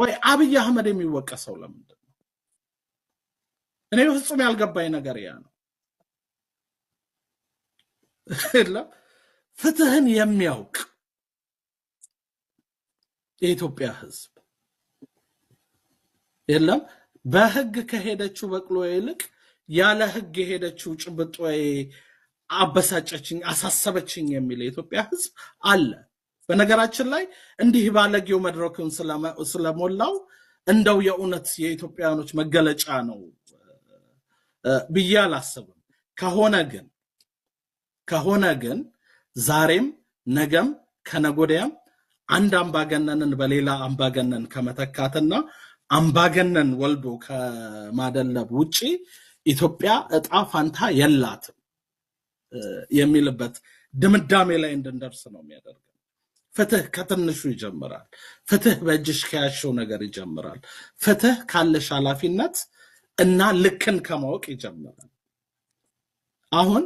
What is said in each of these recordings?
ቆይ አብይ አህመድ የሚወቀሰው ለምንድን ነው? እኔ ፍጹም ያልገባኝ ነገር ያ ነው። የለም ፍትህን የሚያውቅ የኢትዮጵያ ህዝብ የለም በህግ ከሄደችው በቅሎ ይልቅ ያለ ህግ የሄደችው ጭብጦ አበሳጨችኝ፣ አሳሰበችኝ የሚል የኢትዮጵያ ህዝብ አለ። በነገራችን ላይ እንዲህ ባለጌው መድረክን ስለሞላው እንደው የእውነት የኢትዮጵያውያኖች መገለጫ ነው ብዬ አላስብም። ከሆነ ግን ከሆነ ግን ዛሬም ነገም ከነጎዳያም አንድ አምባገነንን በሌላ አምባገነን ከመተካትና አምባገነን ወልዶ ከማደለብ ውጪ ኢትዮጵያ እጣ ፋንታ የላትም የሚልበት ድምዳሜ ላይ እንድንደርስ ነው የሚያደርገው። ፍትህ ከትንሹ ይጀምራል። ፍትህ በእጅሽ ከያሸው ነገር ይጀምራል። ፍትህ ካለሽ ኃላፊነት እና ልክን ከማወቅ ይጀምራል። አሁን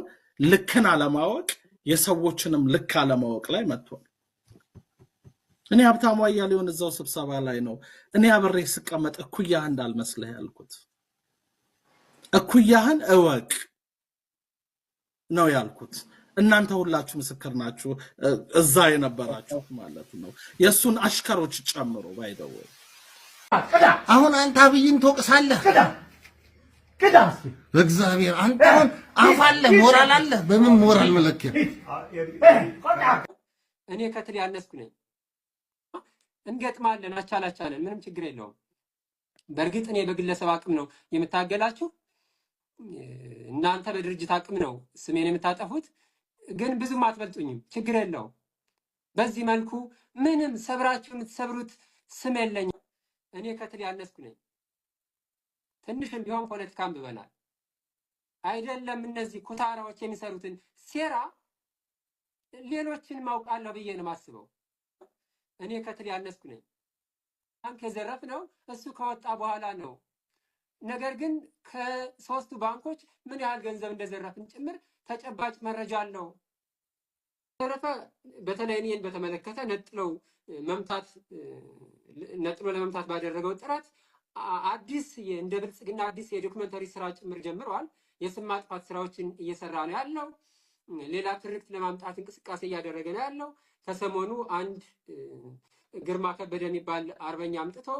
ልክን አለማወቅ የሰዎችንም ልክ አለማወቅ ላይ መጥቷል። እኔ ሀብታሙ አያሌውን እዛው ስብሰባ ላይ ነው እኔ አብሬ ስቀመጥ እኩያህ እንዳልመስልህ ያልኩት። እኩያህን እወቅ ነው ያልኩት። እናንተ ሁላችሁ ምስክር ናችሁ፣ እዛ የነበራችሁ ማለት ነው። የእሱን አሽከሮች ጨምሮ ባይደወ አሁን አንተ አብይን ትወቅሳለህ። በእግዚአብሔር አንተ አሁን አፍ አለ፣ ሞራል አለ። በምን ሞራል መለኪያ እኔ ከትል ያነስኩ ነኝ። እንገጥማለን፣ አቻላቻለን፣ ምንም ችግር የለውም። በእርግጥ እኔ በግለሰብ አቅም ነው የምታገላችሁ እናንተ በድርጅት አቅም ነው ስሜን የምታጠፉት። ግን ብዙም አትበልጡኝም፣ ችግር የለው። በዚህ መልኩ ምንም ሰብራችሁ የምትሰብሩት ስም የለኝም። እኔ ከትል ያነስኩ ነኝ። ትንሽም ቢሆን ፖለቲካም ብበላል አይደለም። እነዚህ ኩታራዎች የሚሰሩትን ሴራ ሌሎችን ማውቃለሁ ብዬ ነው ማስበው እኔ ከትል ያነስኩ ነኝ። ባንክ የዘረፍ ነው እሱ ከወጣ በኋላ ነው ነገር ግን ከሶስቱ ባንኮች ምን ያህል ገንዘብ እንደዘረፍን ጭምር ተጨባጭ መረጃ አለው። ተረፈ በተለይ እኔን በተመለከተ ነጥለው መምታት ነጥሎ ለመምታት ባደረገው ጥረት አዲስ እንደ ብልጽግና አዲስ የዶክመንተሪ ስራ ጭምር ጀምረዋል። የስም ማጥፋት ስራዎችን እየሰራ ነው ያለው። ሌላ ትርክት ለማምጣት እንቅስቃሴ እያደረገ ነው ያለው። ከሰሞኑ አንድ ግርማ ከበደ የሚባል አርበኛ አምጥቶ